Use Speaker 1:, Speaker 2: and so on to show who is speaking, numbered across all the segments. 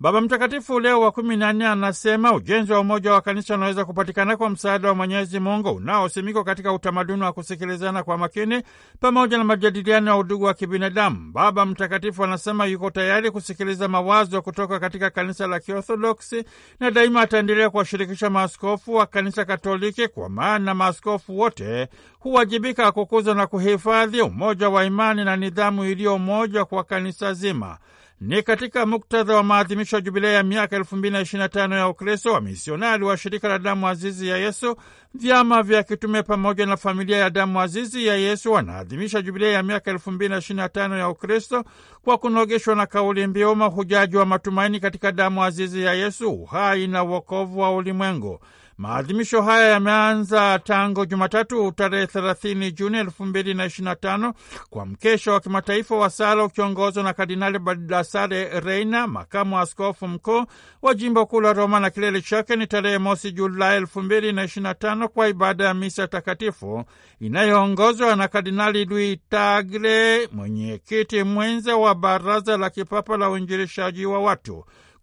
Speaker 1: Baba Mtakatifu Leo wa kumi na nne anasema ujenzi wa umoja wa kanisa unaweza kupatikana kwa msaada wa Mwenyezi Mungu unaosimikwa katika utamaduni wa kusikilizana kwa makini pamoja na majadiliano ya udugu wa kibinadamu. Baba Mtakatifu anasema yuko tayari kusikiliza mawazo kutoka katika kanisa la Kiorthodoksi na daima ataendelea kuwashirikisha maaskofu wa kanisa Katoliki, kwa maana maaskofu wote huwajibika kukuza na kuhifadhi umoja wa imani na nidhamu iliyo moja kwa kanisa zima. Ni katika muktadha wa maadhimisho ya jubilei ya miaka 225 ya Ukristo wa misionari wa shirika la damu azizi ya Yesu, vyama vya kitume pamoja na familia ya damu azizi ya Yesu wanaadhimisha jubilei ya miaka 225 ya Ukristo kwa kunogeshwa na kauli mbiu mahujaji wa matumaini katika damu azizi ya Yesu, uhai na uokovu wa ulimwengu. Maadhimisho haya yameanza tangu Jumatatu tarehe 30 Juni 2025 kwa mkesha wa kimataifa wa sala ukiongozwa na Kardinali Baldassare Reina, makamu askofu mkuu wa jimbo kuu la Roma, na kilele chake ni tarehe mosi Julai 2025 kwa ibada ya misa takatifu inayoongozwa na Kardinali Luis Tagle, mwenyekiti mwenza wa Baraza la Kipapa la Uinjilishaji wa Watu.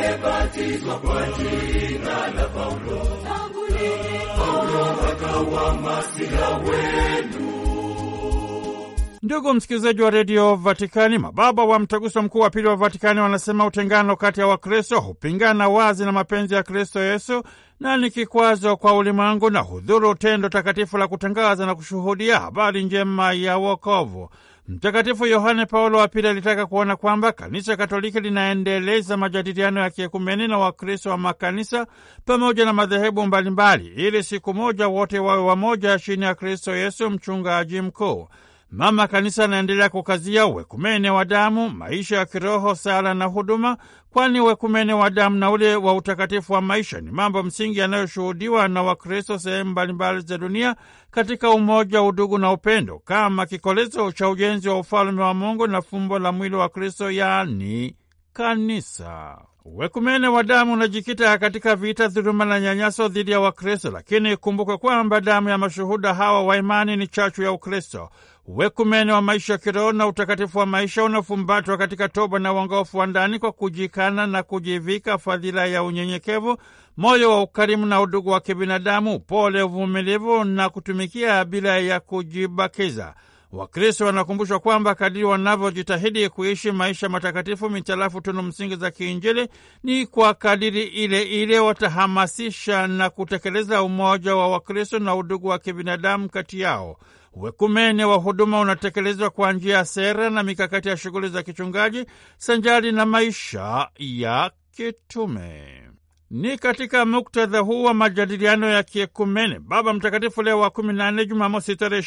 Speaker 2: kwa jina la Paulo. Paulo akawa masiha wenu.
Speaker 1: Ndugu msikilizaji wa redio Vatikani, mababa wa mtaguso mkuu wa pili wa Vatikani wanasema utengano kati ya Wakristo hupingana wazi na mapenzi ya Kristo Yesu na ni kikwazo kwa ulimwengu na hudhuru tendo takatifu la kutangaza na kushuhudia habari njema ya wokovu. Mtakatifu Yohane Paulo wa Pili alitaka kuona kwamba kanisa Katoliki linaendeleza majadiliano ya kiekumeni na Wakristo wa makanisa pamoja na madhehebu mbalimbali, ili siku moja wote wawe wamoja chini ya Kristo Yesu mchungaji mkuu. Mama Kanisa anaendelea kukazia wekumene wa damu, maisha ya kiroho, sala na huduma, kwani wekumene wa damu na ule wa utakatifu wa maisha ni mambo msingi yanayoshuhudiwa na Wakristo sehemu mbalimbali za dunia katika umoja, udugu na upendo, kama kikolezo cha ujenzi wa ufalme wa Mungu na fumbo la mwili wa Kristo, yaani kanisa. Wekumene wa damu unajikita katika vita, dhuluma na nyanyaso dhidi ya Wakristo, lakini kumbuke kwamba damu ya mashuhuda hawa wa imani ni chachu ya Ukristo. Wekumene wa maisha ya kiroho na utakatifu wa maisha unafumbatwa katika toba na uongofu wa ndani kwa kujikana na kujivika fadhila ya unyenyekevu, moyo wa ukarimu na udugu wa kibinadamu, pole uvumilivu na kutumikia bila ya kujibakiza. Wakristo wanakumbushwa kwamba kadiri wanavyojitahidi kuishi maisha matakatifu mitalafu tunu msingi za kiinjili, ni kwa kadiri ile ile watahamasisha na kutekeleza umoja wa Wakristo na udugu wa kibinadamu kati yao wekumene wa huduma unatekelezwa kwa njia ya sera na mikakati ya shughuli za kichungaji sanjari na maisha ya kitume. Ni katika muktadha huu wa majadiliano ya kiekumene, Baba Mtakatifu Leo wa 18 na nne, Jumamosi tarehe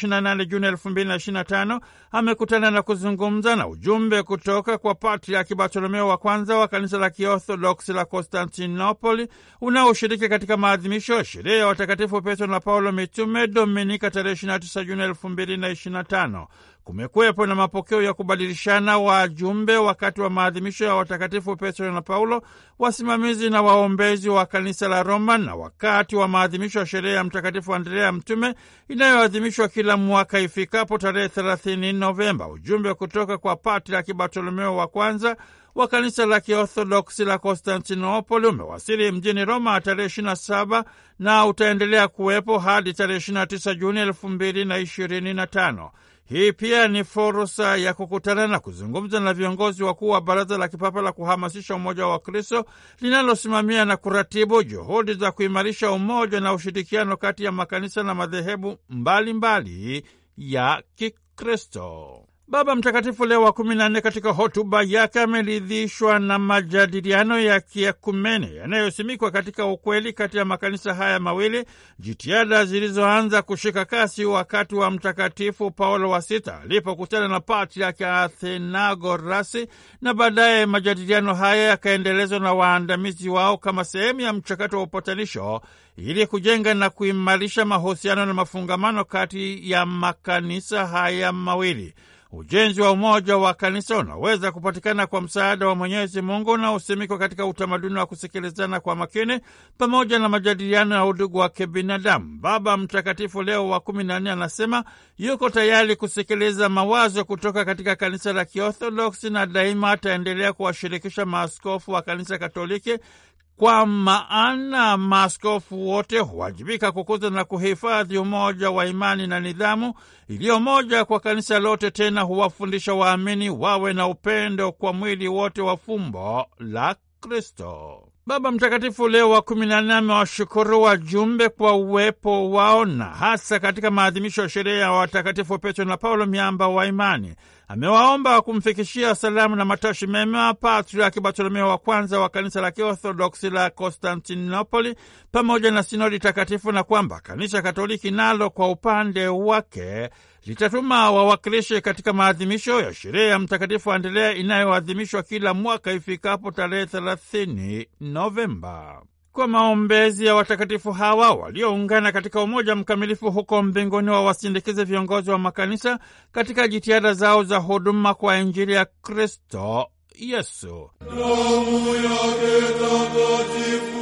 Speaker 1: Juni 225 amekutana na kuzungumza na ujumbe kutoka kwa Patriaki Bartolomeo wa kwanza wa kanisa la Kiorthodoksi la Konstantinopoli unaoshiriki katika maadhimisho ya sherehe ya watakatifu Petro na Paulo mitume Dominika tarehe Juni elfu Kumekwepo na mapokeo ya kubadilishana wajumbe wakati wa maadhimisho ya watakatifu Petro na Paulo, wasimamizi na waombezi wa kanisa la Roma, na wakati wa maadhimisho ya sherehe ya Mtakatifu Andrea Mtume inayoadhimishwa kila mwaka ifikapo tarehe 30 Novemba. Ujumbe kutoka kwa Patriaki Bartolomeo wa kwanza wa kanisa la Kiorthodoksi la Konstantinopoli umewasili mjini Roma tarehe 27 na utaendelea kuwepo hadi tarehe 29 Juni 2025. Hii pia ni fursa ya kukutana na kuzungumza na viongozi wakuu wa Baraza la Kipapa la Kuhamasisha Umoja wa Kristo linalosimamia na kuratibu juhudi za kuimarisha umoja na ushirikiano kati ya makanisa na madhehebu mbalimbali mbali ya Kikristo. Baba Mtakatifu Leo wa kumi na nne katika hotuba yake ameridhishwa na majadiliano ya kiekumene yanayosimikwa katika ukweli kati ya makanisa haya mawili, jitihada zilizoanza kushika kasi wakati wa Mtakatifu Paulo wa Sita alipokutana na pati Patriaki Athenagorasi, na baadaye majadiliano haya yakaendelezwa na waandamizi wao kama sehemu ya mchakato wa upatanisho ili kujenga na kuimarisha mahusiano na mafungamano kati ya makanisa haya mawili. Ujenzi wa umoja wa kanisa unaweza kupatikana kwa msaada wa Mwenyezi Mungu unaosimikwa katika utamaduni wa kusikilizana kwa makini pamoja na majadiliano ya udugu wa kibinadamu. Baba Mtakatifu Leo wa kumi na nne anasema yuko tayari kusikiliza mawazo kutoka katika kanisa la Kiorthodoksi na daima ataendelea kuwashirikisha maaskofu wa kanisa Katoliki kwa maana maaskofu wote huwajibika kukuza na kuhifadhi umoja wa imani na nidhamu iliyo moja kwa kanisa lote, tena huwafundisha waamini wawe na upendo kwa mwili wote wa fumbo la Kristo. Baba Mtakatifu Leo wa kumi na nane amewashukuru wajumbe kwa uwepo wao na hasa katika maadhimisho ya sherehe ya watakatifu Petro na Paulo, miamba wa imani amewaomba kumfikishia salamu na matashi mema Patriaki Bartolomeo wa kwanza wa kanisa la Kiorthodoksi la Konstantinopoli pamoja na sinodi takatifu, na kwamba kanisa Katoliki nalo kwa upande wake litatuma wawakilishi katika maadhimisho ya sherehe ya Mtakatifu Andrea inayoadhimishwa kila mwaka ifikapo tarehe 30 Novemba kwa maombezi ya watakatifu hawa walioungana katika umoja mkamilifu huko mbinguni, wawasindikize viongozi wa makanisa katika jitihada zao za huduma kwa Injili ya Kristo Yesu.
Speaker 2: Damu yake takatifu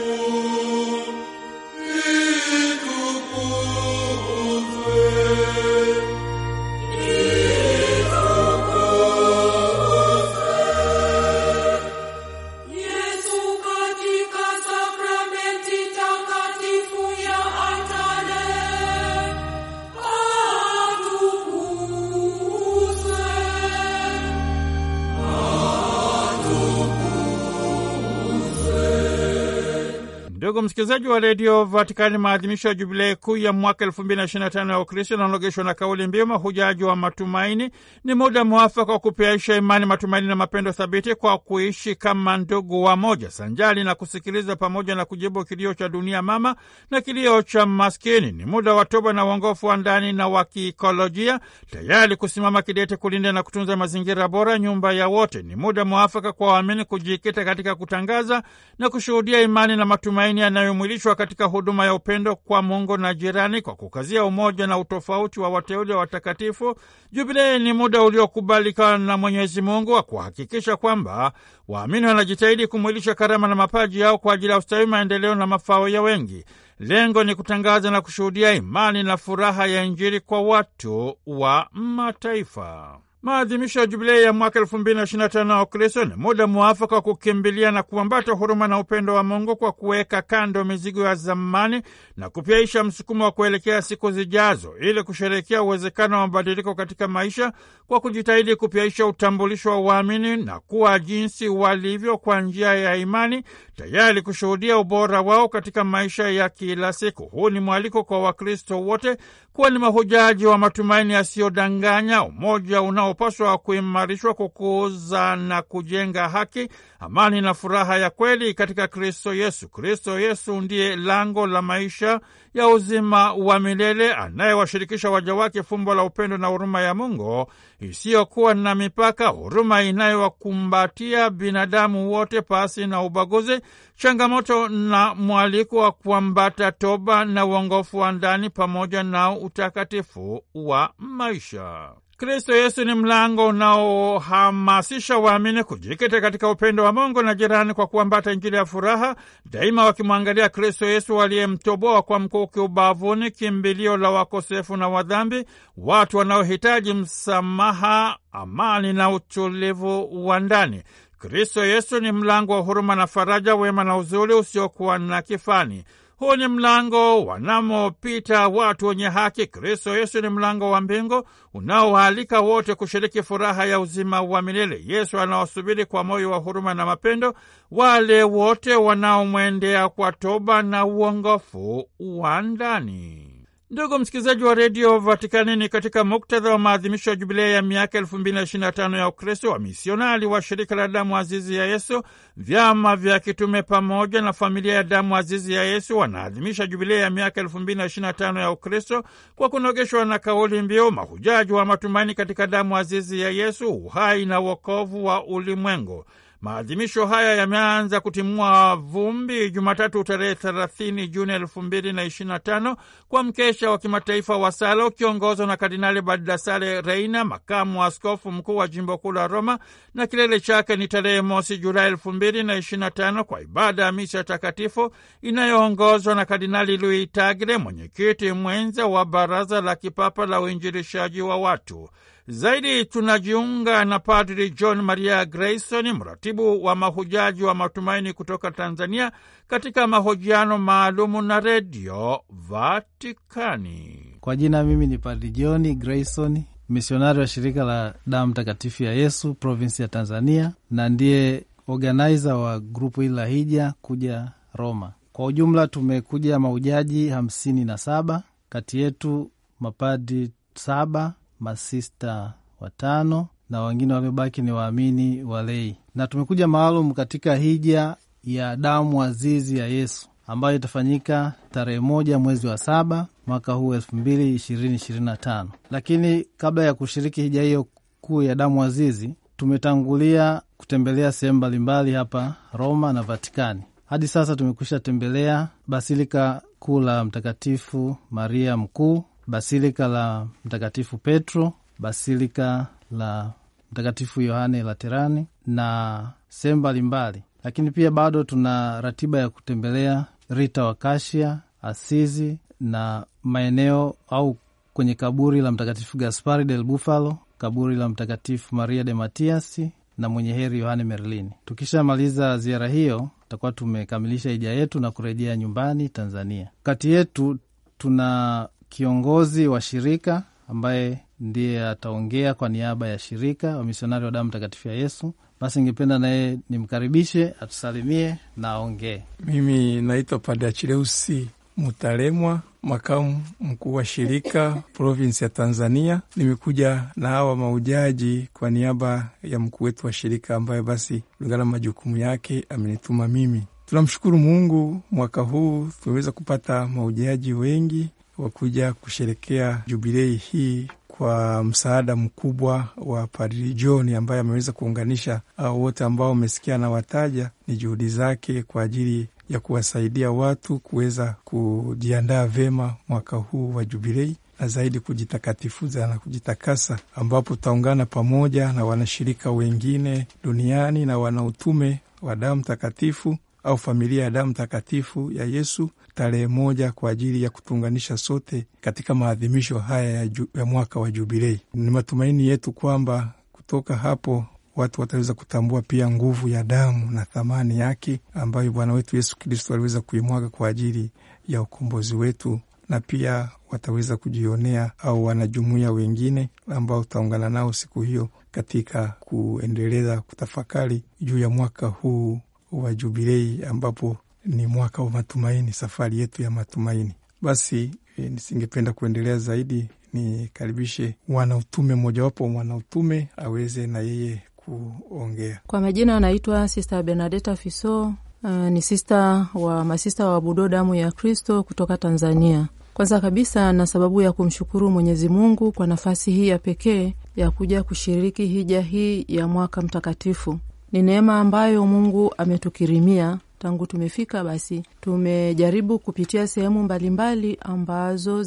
Speaker 1: msikilizaji wa redio Vatikani, maadhimisho ya jubilei kuu ya mwaka elfu mbili na ishirini na tano ya Ukristo yanaonogeshwa na kauli mbiu mahujaji wa matumaini. Ni muda mwafaka wa kupiaisha imani, matumaini na mapendo thabiti kwa kuishi kama ndugu wa moja, sanjali na kusikiliza pamoja na kujibu kilio cha dunia mama na kilio cha maskini. Ni muda wa toba na uongofu wa ndani na wa kiikolojia, tayari kusimama kidete kulinda na kutunza mazingira bora, nyumba ya wote. Ni muda mwafaka kwa waamini kujikita katika kutangaza na kushuhudia imani na matumaini yanayomwilishwa katika huduma ya upendo kwa Mungu na jirani, kwa kukazia umoja na utofauti wa wateule watakatifu. Jubilei ni muda uliokubalika na Mwenyezi Mungu wa kuhakikisha kwamba waamini wanajitahidi kumwilisha karama na mapaji yao kwa ajili ya ustawi, maendeleo na mafao ya wengi. Lengo ni kutangaza na kushuhudia imani na furaha ya Injili kwa watu wa mataifa. Maadhimisho ya jubilei ya mwaka elfu mbili na ishirini na tano wa Ukristo ni muda mwafaka wa kukimbilia na kuambata huruma na upendo wa Mungu kwa kuweka kando mizigo ya zamani na kupyaisha msukumo wa kuelekea siku zijazo, ili kusherehekea uwezekano wa mabadiliko katika maisha kwa kujitahidi kupyaisha utambulisho wa waamini na kuwa jinsi walivyo kwa njia ya imani, tayari kushuhudia ubora wao katika maisha ya kila siku. Huu ni mwaliko kwa Wakristo wote kuwa ni mahujaji wa matumaini yasiyodanganya, umoja unao unaopaswa kuimarishwa kukuza na kujenga haki, amani na furaha ya kweli katika Kristo Yesu. Kristo Yesu ndiye lango la maisha ya uzima wa milele anayewashirikisha waja wake fumbo la upendo na huruma ya Mungu isiyokuwa na mipaka, huruma inayowakumbatia binadamu wote pasi na ubaguzi, changamoto na mwaliko wa kuambata toba na uongofu wa ndani pamoja na utakatifu wa maisha. Kristo Yesu ni mlango unaohamasisha waamini kujikita katika upendo wa Mungu na jirani kwa kuambata Injili ya furaha daima, wakimwangalia Kristo Yesu aliyemtoboa kwa mkuki ubavuni, kimbilio la wakosefu na wadhambi, watu wanaohitaji msamaha, amani na utulivu wa ndani. Kristo Yesu ni mlango wa huruma na faraja, wema na uzuri usiokuwa na kifani. Huu ni mlango wanamopita watu wenye haki. Kristo Yesu ni mlango wa mbingu unaowaalika wote kushiriki furaha ya uzima wa milele. Yesu anawasubiri kwa moyo wa huruma na mapendo wale wote wanaomwendea kwa toba na uongofu wa ndani. Ndugu msikilizaji wa redio Vatikani, ni katika muktadha wa maadhimisho ya jubilia ya miaka elfu mbili na tano ya Ukristo wa misionari wa shirika la damu azizi ya Yesu, vyama vya kitume pamoja na familia ya damu azizi ya Yesu wanaadhimisha jubilia ya miaka elfu mbili na tano ya Ukristo kwa kunogeshwa na kauli mbiu mahujaji wa matumaini katika damu azizi ya Yesu, uhai na wokovu wa ulimwengu. Maadhimisho haya yameanza kutimua vumbi Jumatatu tarehe 30 Juni 2025 kwa mkesha wa kimataifa wa sala ukiongozwa na Kardinali Baldassare Reina, makamu wa askofu mkuu wa jimbo kuu la Roma, na kilele chake ni tarehe mosi Julai 2025 kwa ibada ya misa takatifu inayoongozwa na Kardinali Luis Tagle, mwenyekiti mwenza wa Baraza la Kipapa la uinjirishaji wa Watu. Zaidi tunajiunga na Padri John Maria Grayson, mratibu wa mahujaji wa matumaini kutoka Tanzania, katika mahojiano maalumu na Redio Vatikani.
Speaker 3: Kwa jina mimi ni Padri John Grayson, misionari wa shirika la damu takatifu ya Yesu provinsi ya Tanzania, na ndiye organiza wa grupu hili la hija kuja Roma. Kwa ujumla tumekuja mahujaji hamsini na saba, kati yetu mapadi saba masista watano na wengine waliobaki ni waamini walei, na tumekuja maalum katika hija ya damu azizi ya Yesu ambayo itafanyika tarehe moja mwezi wa saba mwaka huu elfu mbili ishirini ishirini na tano. Lakini kabla ya kushiriki hija hiyo kuu ya damu azizi, tumetangulia kutembelea sehemu mbalimbali hapa Roma na Vatikani. Hadi sasa tumekwisha tembelea basilika kuu la Mtakatifu Maria Mkuu basilika la Mtakatifu Petro, basilika la Mtakatifu Yohane Laterani na sehemu mbalimbali, lakini pia bado tuna ratiba ya kutembelea Rita wa Kashia, Asizi na maeneo au kwenye kaburi la Mtakatifu Gaspari del Bufalo, kaburi la Mtakatifu Maria de Matiasi na mwenye heri Yohane Merlini. Tukishamaliza ziara hiyo, tutakuwa tumekamilisha hija yetu na kurejea nyumbani Tanzania. Kati yetu tuna kiongozi wa shirika ambaye ndiye ataongea kwa niaba ya shirika wamisionari wa damu takatifu ya Yesu. Basi ningependa naye nimkaribishe atusalimie na aongee. Mimi naitwa Padre Achileusi Mutalemwa, makamu
Speaker 4: mkuu wa shirika provinsi ya Tanzania. Nimekuja na hawa maujaji kwa niaba ya mkuu wetu wa shirika ambaye basi kulingana na majukumu yake amenituma mimi. Tunamshukuru Mungu, mwaka huu tumeweza kupata maujaji wengi wa kuja kusherekea jubilei hii kwa msaada mkubwa wa Padri John ambaye ameweza kuunganisha ah, wote ambao wamesikia na wataja. Ni juhudi zake kwa ajili ya kuwasaidia watu kuweza kujiandaa vema mwaka huu wa jubilei na zaidi kujitakatifuza na kujitakasa, ambapo tutaungana pamoja na wanashirika wengine duniani na wanautume wa damu takatifu au familia ya damu takatifu ya Yesu tarehe moja kwa ajili ya kutuunganisha sote katika maadhimisho haya ya, ju, ya mwaka wa Jubilei. Ni matumaini yetu kwamba kutoka hapo watu wataweza kutambua pia nguvu ya damu na thamani yake ambayo Bwana wetu Yesu Kristo aliweza kuimwaga kwa ajili ya ukombozi wetu, na pia wataweza kujionea au wanajumuia wengine ambao utaungana nao siku hiyo katika kuendeleza kutafakari juu ya mwaka huu wa Jubilei, ambapo ni mwaka wa matumaini, safari yetu ya matumaini. Basi e, nisingependa kuendelea zaidi, nikaribishe mwanautume mmojawapo, mwanautume aweze na yeye kuongea.
Speaker 5: Kwa majina anaitwa Sista Bernadeta Fiso. Uh, ni sista wa masista wa Budo Damu ya Kristo kutoka Tanzania. Kwanza kabisa na sababu ya kumshukuru Mwenyezi Mungu kwa nafasi hii ya pekee ya kuja kushiriki hija hii ya mwaka mtakatifu ni neema ambayo Mungu ametukirimia tangu tumefika. Basi tumejaribu kupitia sehemu mbalimbali ambazo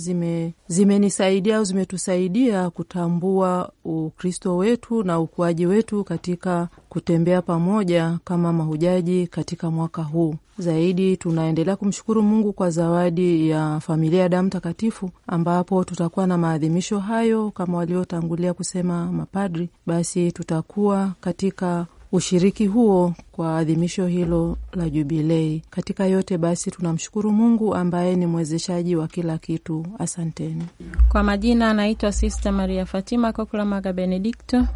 Speaker 5: zimenisaidia zime au zimetusaidia kutambua Ukristo wetu na ukuaji wetu katika kutembea pamoja kama mahujaji katika mwaka huu. Zaidi tunaendelea kumshukuru Mungu kwa zawadi ya familia ya damu takatifu, ambapo tutakuwa na maadhimisho hayo kama waliotangulia kusema mapadri. Basi tutakuwa katika ushiriki huo kwa adhimisho hilo la Jubilei. Katika yote basi, tunamshukuru Mungu ambaye ni mwezeshaji wa kila kitu. Asanteni.
Speaker 6: Kwa majina anaitwa Sista Maria Fatima Kokula Maga Benedikto.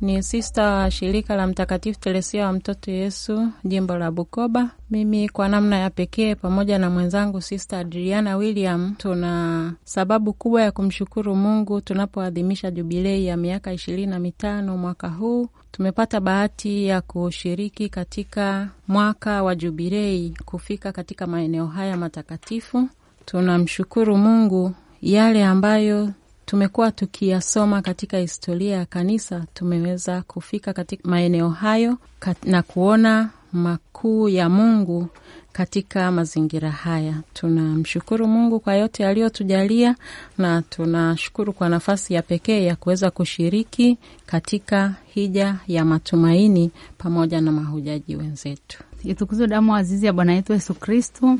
Speaker 6: Ni sista wa shirika la Mtakatifu Teresia wa Mtoto Yesu, jimbo la Bukoba. Mimi kwa namna ya pekee, pamoja na mwenzangu sista Adriana William, tuna sababu kubwa ya kumshukuru Mungu tunapoadhimisha jubilei ya miaka ishirini na mitano mwaka huu. Tumepata bahati ya kushiriki katika mwaka wa jubilei, kufika katika maeneo haya matakatifu. Tunamshukuru Mungu yale ambayo tumekuwa tukiyasoma katika historia ya kanisa, tumeweza kufika katika maeneo hayo na kuona makuu ya Mungu katika mazingira haya. Tunamshukuru Mungu kwa yote aliyotujalia na tunashukuru kwa nafasi ya pekee ya kuweza kushiriki katika hija ya matumaini pamoja na mahujaji wenzetu. Itukuzwe damu
Speaker 7: azizi ya Bwana yetu Yesu Kristu.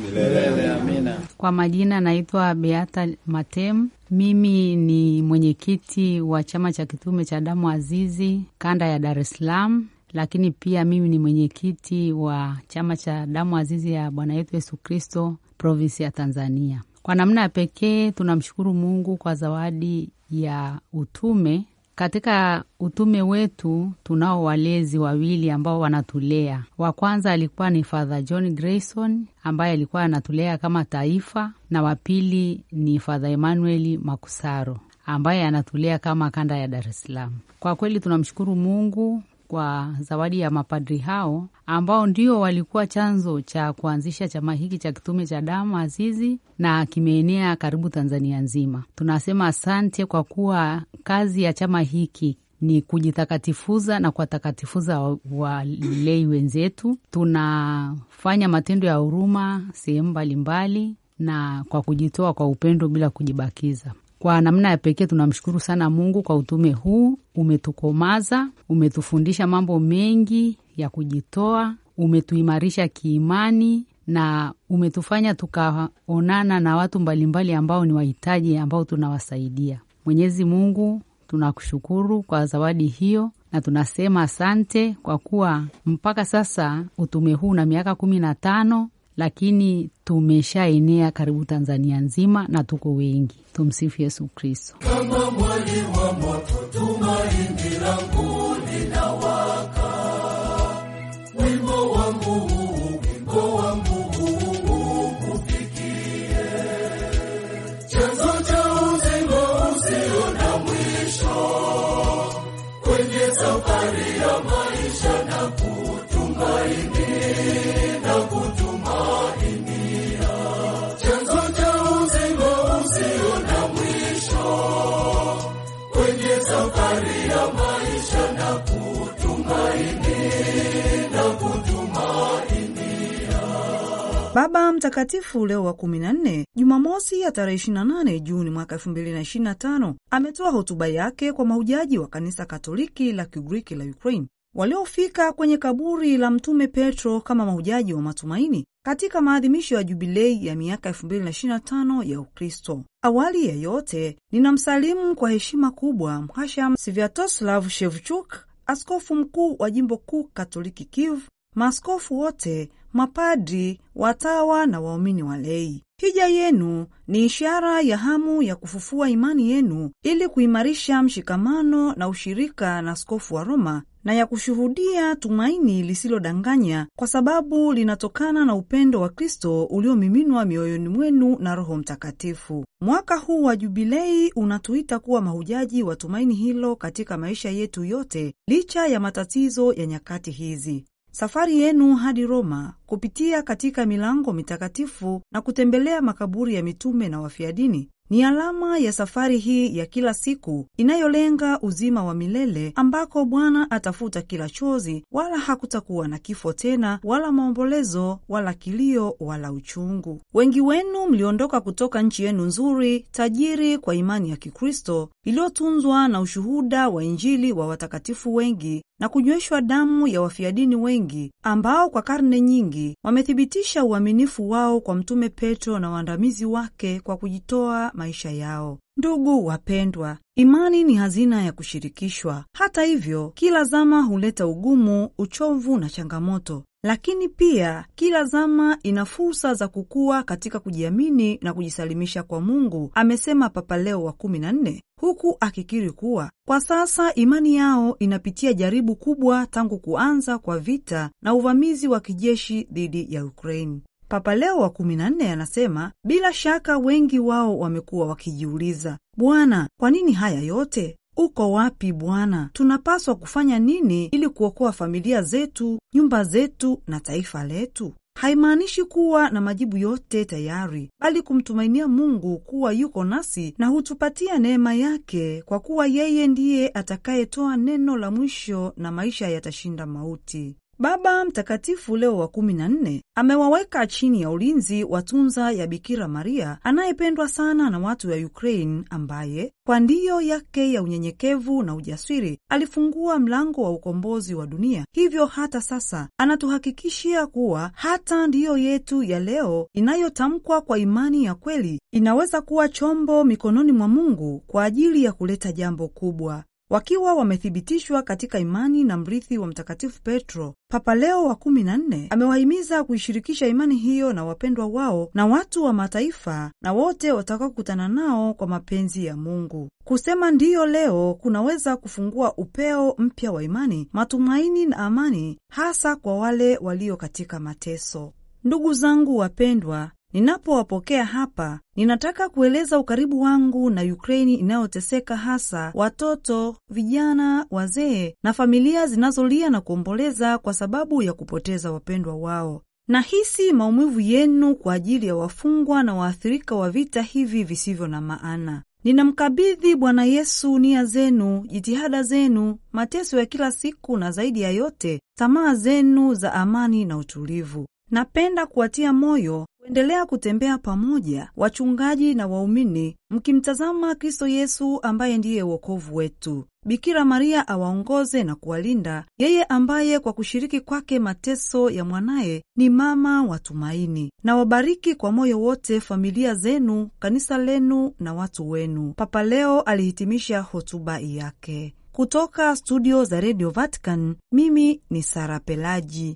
Speaker 7: Kwa majina naitwa Beata Matem. Mimi ni mwenyekiti wa chama cha kitume cha damu azizi kanda ya Dar es Salaam lakini pia mimi ni mwenyekiti wa chama cha damu azizi ya Bwana yetu Yesu Kristo provinsi ya Tanzania. Kwa namna ya pekee tunamshukuru Mungu kwa zawadi ya utume. Katika utume wetu tunao walezi wawili ambao wanatulea. Wa kwanza alikuwa ni Father John Grayson ambaye alikuwa anatulea kama taifa, na wa pili ni Father Emmanuel Makusaro ambaye anatulea kama kanda ya Dar es Salaam. Kwa kweli tunamshukuru Mungu kwa zawadi ya mapadri hao ambao ndio walikuwa chanzo cha kuanzisha chama hiki cha kitume cha damu azizi na kimeenea karibu Tanzania nzima. Tunasema asante kwa kuwa kazi ya chama hiki ni kujitakatifuza na kuwatakatifuza walei wenzetu. Tunafanya matendo ya huruma sehemu mbalimbali na kwa kujitoa kwa upendo bila kujibakiza. Kwa namna ya pekee tunamshukuru sana Mungu kwa utume huu. Umetukomaza, umetufundisha mambo mengi ya kujitoa, umetuimarisha kiimani na umetufanya tukaonana na watu mbalimbali ambao ni wahitaji, ambao tunawasaidia. Mwenyezi Mungu, tunakushukuru kwa zawadi hiyo na tunasema asante kwa kuwa mpaka sasa utume huu na miaka kumi na tano lakini tumeshaenea karibu Tanzania nzima na tuko wengi. Tumsifu Yesu Kristo.
Speaker 2: Kama mwali wa moto, tumaini langu linawaka. Wimbo wangu, wimbo wangu ukufikie, chanzo cha uzima usio na mwisho, kwenye safari ya maisha
Speaker 8: Baba Mtakatifu Leo wa kumi na nne Jumamosi ya tarehe 28 Juni mwaka elfu mbili na na tano ametoa hotuba yake kwa mahujaji wa kanisa Katoliki la Kigiriki la Ukraine waliofika kwenye kaburi la Mtume Petro kama mahujaji wa matumaini katika maadhimisho ya jubilei ya miaka 2025 ya Ukristo. Awali ya yote, ninamsalimu kwa heshima kubwa Mhasham Sviatoslav Shevchuk, askofu mkuu wa jimbo kuu Katoliki Kiev maaskofu wote, mapadri, watawa na waumini walei. Hija yenu ni ishara ya hamu ya kufufua imani yenu ili kuimarisha mshikamano na ushirika na askofu wa Roma na ya kushuhudia tumaini lisilodanganya kwa sababu linatokana na upendo wa Kristo uliomiminwa mioyoni mwenu na Roho Mtakatifu. Mwaka huu wa Jubilei unatuita kuwa mahujaji wa tumaini hilo katika maisha yetu yote, licha ya matatizo ya nyakati hizi safari yenu hadi Roma kupitia katika milango mitakatifu na kutembelea makaburi ya mitume na wafia dini ni alama ya safari hii ya kila siku inayolenga uzima wa milele ambako Bwana atafuta kila chozi, wala hakutakuwa na kifo tena, wala maombolezo, wala kilio, wala uchungu. Wengi wenu mliondoka kutoka nchi yenu nzuri, tajiri kwa imani ya Kikristo iliyotunzwa na ushuhuda wa Injili wa watakatifu wengi, na kunyweshwa damu ya wafiadini wengi ambao kwa karne nyingi wamethibitisha uaminifu wao kwa Mtume Petro na waandamizi wake kwa kujitoa maisha yao. Ndugu wapendwa, imani ni hazina ya kushirikishwa. Hata hivyo, kila zama huleta ugumu, uchovu na changamoto lakini pia kila zama ina fursa za kukua katika kujiamini na kujisalimisha kwa Mungu, amesema Papa Leo wa kumi na nne, huku akikiri kuwa kwa sasa imani yao inapitia jaribu kubwa tangu kuanza kwa vita na uvamizi wa kijeshi dhidi ya ukraini Papa Leo wa kumi na nne anasema bila shaka wengi wao wamekuwa wakijiuliza, Bwana, kwa nini haya yote? uko wapi Bwana? Tunapaswa kufanya nini ili kuokoa familia zetu, nyumba zetu na taifa letu? Haimaanishi kuwa na majibu yote tayari, bali kumtumainia Mungu kuwa yuko nasi na hutupatia neema yake, kwa kuwa yeye ndiye atakayetoa neno la mwisho na maisha yatashinda mauti. Baba Mtakatifu Leo wa kumi na nne amewaweka chini ya ulinzi wa tunza ya Bikira Maria anayependwa sana na watu wa Ukraine, ambaye kwa ndiyo yake ya unyenyekevu na ujasiri alifungua mlango wa ukombozi wa dunia. Hivyo hata sasa anatuhakikishia kuwa hata ndiyo yetu ya leo inayotamkwa kwa imani ya kweli inaweza kuwa chombo mikononi mwa Mungu kwa ajili ya kuleta jambo kubwa wakiwa wamethibitishwa katika imani na mrithi wa Mtakatifu Petro. Papa Leo wa kumi na nne amewahimiza kuishirikisha imani hiyo na wapendwa wao na watu wa mataifa na wote watakaokutana nao kwa mapenzi ya Mungu. Kusema ndiyo leo kunaweza kufungua upeo mpya wa imani, matumaini na amani, hasa kwa wale walio katika mateso. Ndugu zangu wapendwa, Ninapowapokea hapa, ninataka kueleza ukaribu wangu na Ukraini inayoteseka, hasa watoto, vijana, wazee na familia zinazolia na kuomboleza kwa sababu ya kupoteza wapendwa wao. Nahisi maumivu yenu kwa ajili ya wafungwa na waathirika wa vita hivi visivyo na maana. Ninamkabidhi Bwana Yesu nia zenu, jitihada zenu, mateso ya kila siku, na zaidi ya yote, tamaa zenu za amani na utulivu. Napenda kuwatia moyo kuendelea kutembea pamoja wachungaji na waumini mkimtazama Kristo Yesu ambaye ndiye wokovu wetu. Bikira Maria awaongoze na kuwalinda, yeye ambaye kwa kushiriki kwake mateso ya mwanaye ni mama wa tumaini. Na wabariki kwa moyo wote familia zenu, kanisa lenu na watu wenu, Papa leo alihitimisha hotuba yake. Kutoka studio za Radio Vatican, mimi ni Sara Pelaji.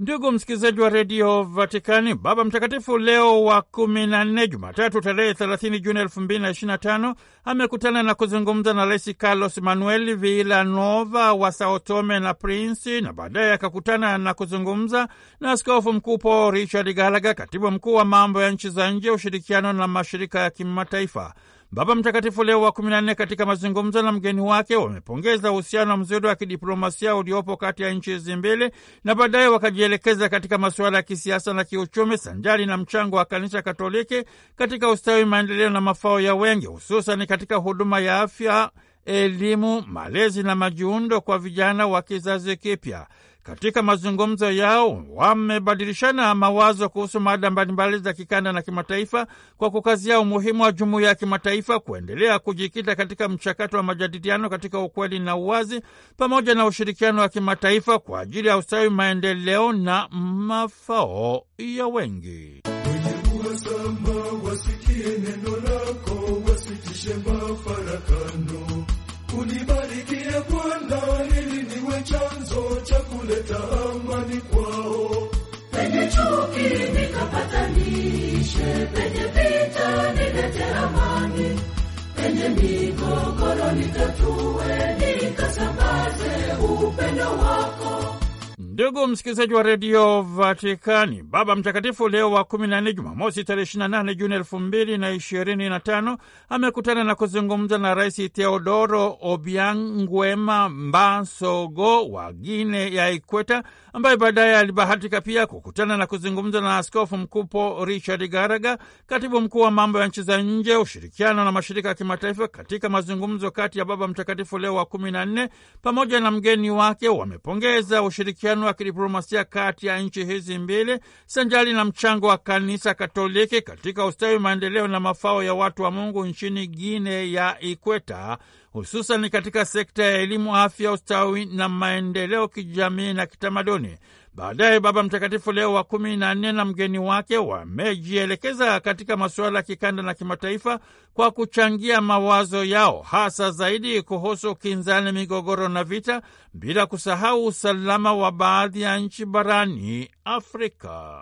Speaker 1: Ndugu msikilizaji wa redio Vatikani, Baba Mtakatifu Leo wa kumi na nne, Jumatatu tarehe thelathini Juni elfu mbili na tano amekutana na kuzungumza na Rais Carlos Manuel Villanova wa Sao Tome na Prinsi, na baadaye akakutana na kuzungumza na Askofu Mkuu Paul Richard Galaga, katibu mkuu wa mambo ya nchi za nje, ushirikiano na mashirika ya kimataifa. Baba Mtakatifu Leo wa 14 katika mazungumzo na mgeni wake wamepongeza uhusiano mzuri wa kidiplomasia uliopo kati ya nchi hizi mbili na baadaye wakajielekeza katika masuala ya kisiasa na kiuchumi sanjari na mchango wa Kanisa Katoliki katika ustawi, maendeleo na mafao ya wengi, hususani katika huduma ya afya, elimu, malezi na majiundo kwa vijana wa kizazi kipya. Katika mazungumzo yao wamebadilishana mawazo kuhusu mada mbalimbali za kikanda na kimataifa kwa kukazia umuhimu wa jumuiya ya kimataifa kuendelea kujikita katika mchakato wa majadiliano katika ukweli na uwazi pamoja na ushirikiano wa kimataifa kwa ajili ya ustawi, maendeleo na mafao ya wengi.
Speaker 2: kuleta amani kwao. Penye chuki nikapatanishe, penye vita nilete amani, penye migogoro nika
Speaker 1: Ndugu msikilizaji wa redio Vatikani, Baba Mtakatifu Leo wa 14 Jumamosi tarehe 28 Juni 2025 amekutana na kuzungumza na Rais Teodoro Obiang Nguema Mbasogo wa Guine ya Ikweta, ambaye baadaye alibahatika pia kukutana na kuzungumza na Askofu Mkuu Richard Garaga, katibu mkuu wa mambo ya nchi za nje, ushirikiano na mashirika ya kimataifa, katika mazungumzo kati ya Baba Mtakatifu Leo wa 14 pamoja na mgeni wake. Wamepongeza ushirikiano kidiplomasia kati ya nchi hizi mbili sanjali na mchango wa kanisa Katoliki katika ustawi, maendeleo na mafao ya watu wa Mungu nchini guine ya Ikweta, hususani katika sekta ya elimu, afya, ustawi na maendeleo kijamii na kitamaduni. Baadaye Baba Mtakatifu Leo wa kumi na nne na mgeni wake wamejielekeza katika masuala ya kikanda na kimataifa kwa kuchangia mawazo yao hasa zaidi kuhusu kinzani, migogoro na vita, bila kusahau usalama wa baadhi ya nchi barani Afrika.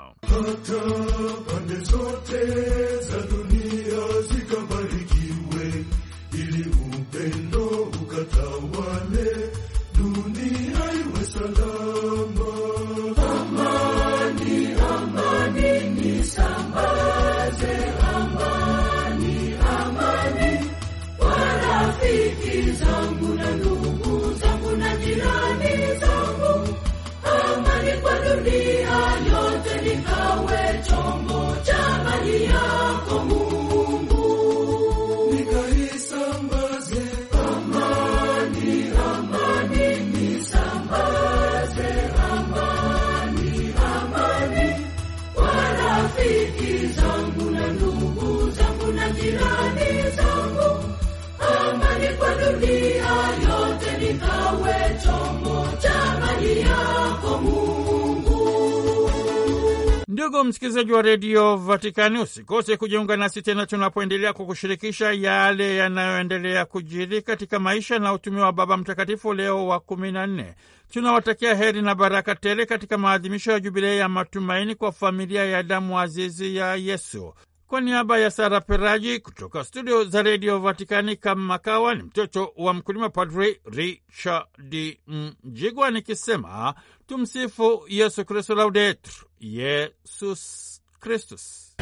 Speaker 1: Ndugu msikilizaji wa redio Vatikani, usikose kujiunga nasi tena tunapoendelea kukushirikisha yale yanayoendelea kujiri katika maisha na utumia wa Baba Mtakatifu Leo wa kumi na nne. Tunawatakia heri na baraka tele katika maadhimisho ya Jubilei ya matumaini kwa familia ya damu azizi ya Yesu. Kwa niaba ya Sara Peraji kutoka studio za redio Vatikani, kama makawa ni mtoto wa mkulima, Padri Richard Mjigwa nikisema tumsifu Yesu Kristu, laudetur Yesus Kristus.